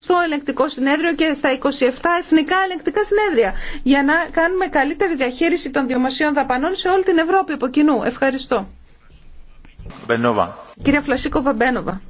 στο ελεγκτικό συνέδριο και στα 27 εθνικά ελεγκτικά συνέδρια για να κάνουμε καλύτερη διαχείριση των δημοσίων δαπανών σε όλη την Ευρώπη από κοινού. Ευχαριστώ. Μπενόβα. Κυρία Φλασίκοβα Μπένοβα.